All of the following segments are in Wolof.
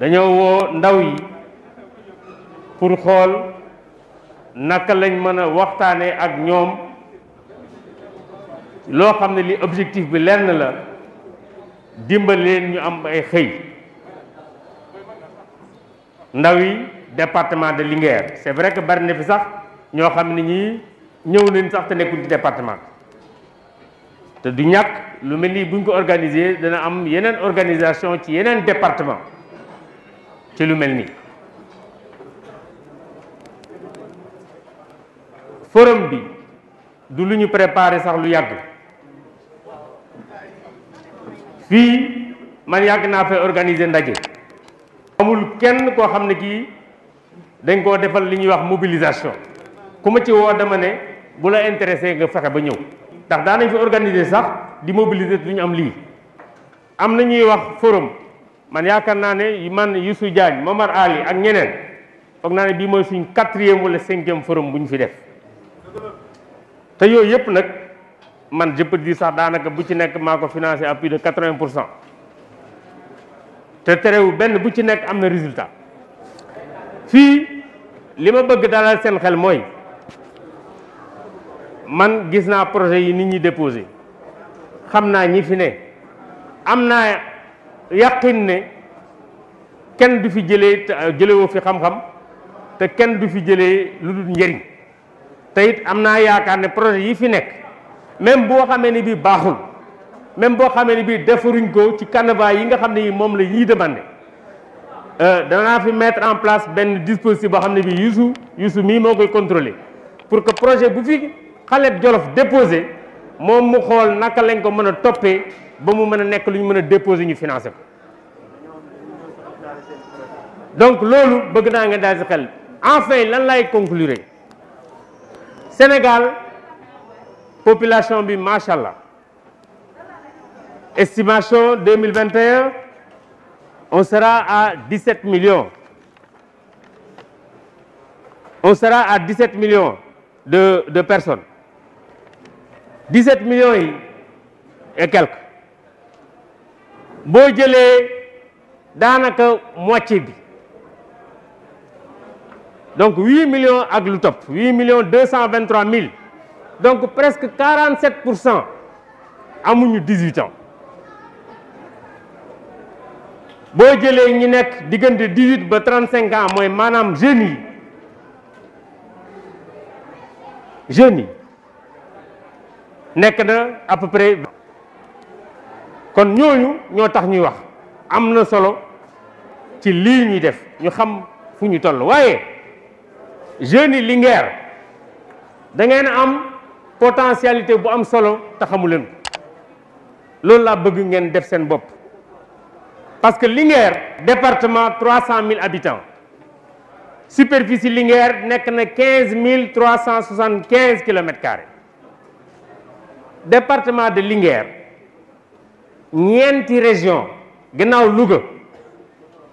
dañoo woo ndaw yi pour xool naka lañ mën a waxtaanee ak ñoom loo xam ne li objectif bi lenn la dimbal leen ñu am ay xëy ndaw yi departement de Linguère c'est vrai que bari na fi sax ñoo xam ne ñii ñëw nañ sax te nekkul ci département te du ñàkk lu mel ni buñ ko organiser dana am yeneen organisation ci yeneen département ci lu mel nii forum bi du lu ñu préparé sax lu yàgg fii man yàgg naa fee organiser ndaje amul kenn koo xam ne kii dañ koo defal li ñuy wax mobilisation ku ma ci woo dama ne bu la intéressé nga fexe ba ñëw ndax daanañ fi organiser sax di mobiliser du ñu am lii am na ñuy wax forum man yaakaar naa ne man Youssou Diagne Momar Ali ak ñeneen foog naa ne bii mooy suñ quatrième wala cinquième forum bu ñu fi def te yooyu yëpp nag man je di sax daanaka bu ci nekk maako ko financé à plus de quatre-vingt pour cent te terewu benn bu ci nekk am na résultat fii li ma bëgg dalal seen xel mooy man gis naa projet yi nit ñi déposé xam naa ñi fi ne am naa yàqin ne kenn du fi jëlee euh, jëlewoo fi xam-xam te kenn du fi jëlee lu dul njëriñ te it am naa yaakaar ne projet yi fi nekk même boo xamee ni bii baaxul même boo xamee ni bii defaruñ ko ci canevas yi nga xam ne yi moom la ñuy demande euh, danaa fi mettre en place benn dispositif boo xam ne bii yusu yusu mii moo koy contrôler pour que projet bu fi xale Jolof déposé moom mu xool naka lañ ko mën a toppee ba mu mën a nekk lu ñu mën a déposer ñu financé ko donc loolu bëgg naa nga daal si xel enfin lan lay conclure Sénégal population bi macha allah estimation 2021 on sera à 17 million on sera à 17 million de de personne personnes 17 millions yi et quelques boo jëlee daanaka moitié bi donc huit millions ak lu topp huit millions deux cent vingt trois mille donc presque quarante sept pour cent amuñu dix huit ans boo jëlee ñi nekk diggante dix huit ba trent cinq ans mooy maanaam jeunes yi jeunes yi nekk na à peu près. kon ñooñu ñoo tax ñuy wax am na solo ci lii ñuy def ñu xam fu ñu toll waaye jeunes yi Linguère da ngeen am potentialité bu am solo te xamu leen loolu laa bëgg ngeen def seen bopp parce que Linguère département trois cent mille habitants superficie Linguère nekk na quinze mille trois cent soixante quinze kilomètres carrés département de Linguère ñeenti région gannaaw Louga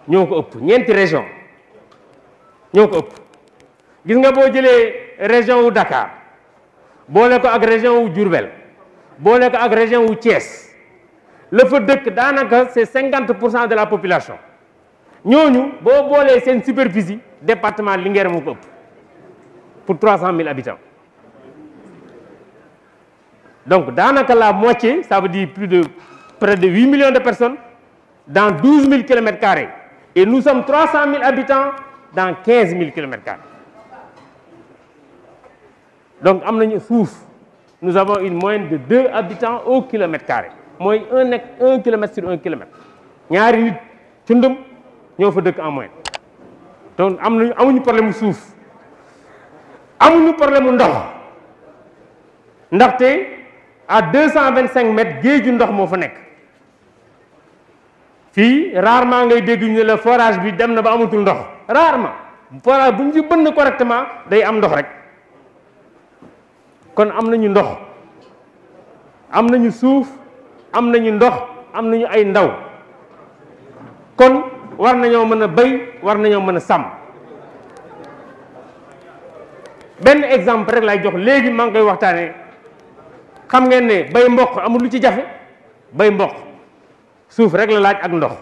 ñëw ko ëpp ñeenti région ñëw ko ëpp gis nga boo jëlee région wu Dakar boole ko ak région wu Diourbel boole ko ak région wu Thiès la dëkk daanaka c'est cinquante pour cent de la population ñooñu boo boolee seen superficie département Linguère moo ko ëpp pour trois cent mille habitants donc daanaka la moitié ça plus de près de 8 millions de personnes dans 12 000 kilomètres carrés. Et nous sommes 300 000 habitants dans 15 000 kilomètres carrés. Donc, am nous avons une moyenne de 2 habitants au kilomètre carré. Moins 1 km sur 1 km. Nous avons en moyenne. Donc, am nous avons un problème de souffle. amuñu problème mu ndox ndaxte à deux cent vingt cinq mètres géeju ndox moo fa nekk fii maa ngay dégg ñu la forage bi dem na ba amatul ndox raar ma forage bu ñu ci bënn correctement day am ndox rek kon am nañu ndox am nañu suuf am nañu ndox am nañu ay ndaw kon war nañoo mën a béy war nañoo mën a sàmm benn exemple rek lay jox léegi maa ngi koy waxtaanee xam ngeen ne bay mboq amul lu ci jafe bay mboq. suuf rek la laaj ak ndox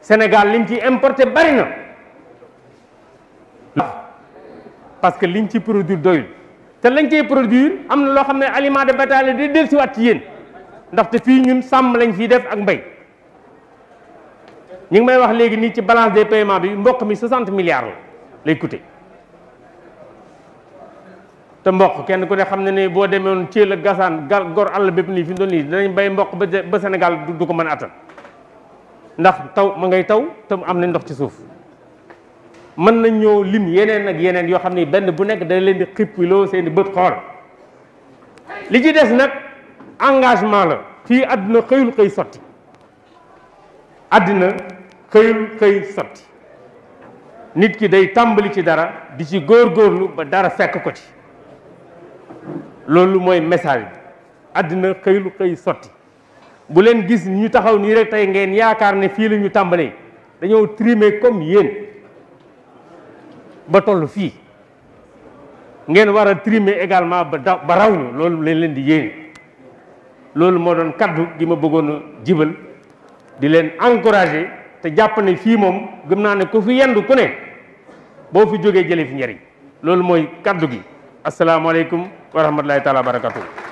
Sénégal liñ ci importé bari na parce que liñ ci produire doyul te lañ cay produire am na loo xam ne aliment de bétail la di dellusiwaat ci yéen ndaxte fii ñun sàmm lañ fiy def ak mbay ñu ngi may wax léegi nii ci balance des paiements bi mbokk mi 60 milliards la lay coûter te mboq kenn ku ne xam ne ni boo demewoon ci la gasaan gal gor àll bépp nii fi mu doon nii danañ bay mboq ba ba Sénégal du ko mën a ndax taw mu ngay taw te am nañ ndox ci suuf mën nañ ñëw lim yeneen ak yeneen yoo xam ne benn bu nekk day leen di xippiloo seen seeni bët xool li ci des nag engagement la fii àdduna xëyul xëy sotti àddina xëyul xëy sotti nit ki day tàmbali ci dara di ci góorgóorlu ba dara fekk ko ci loolu mooy message bi àddina xëy lu xëy sotti bu leen gis ñu taxaw nii rek tey ngeen yaakaar ne fii la ñu tàmbalee dañoo trimé comme yéen ba toll fii ngeen war a trimé également ba da ba raw ñu loolu leen leen di yéene loolu moo doon kaddu gi ma bëggoon jibal di leen encouragé te jàpp ne fii moom gëm naa ne ku fi yendu ku ne boo fi jógee jële fi njëriñ loolu mooy kaddu gi asalaamaaleykum wa rahmatullahi taala barakatuh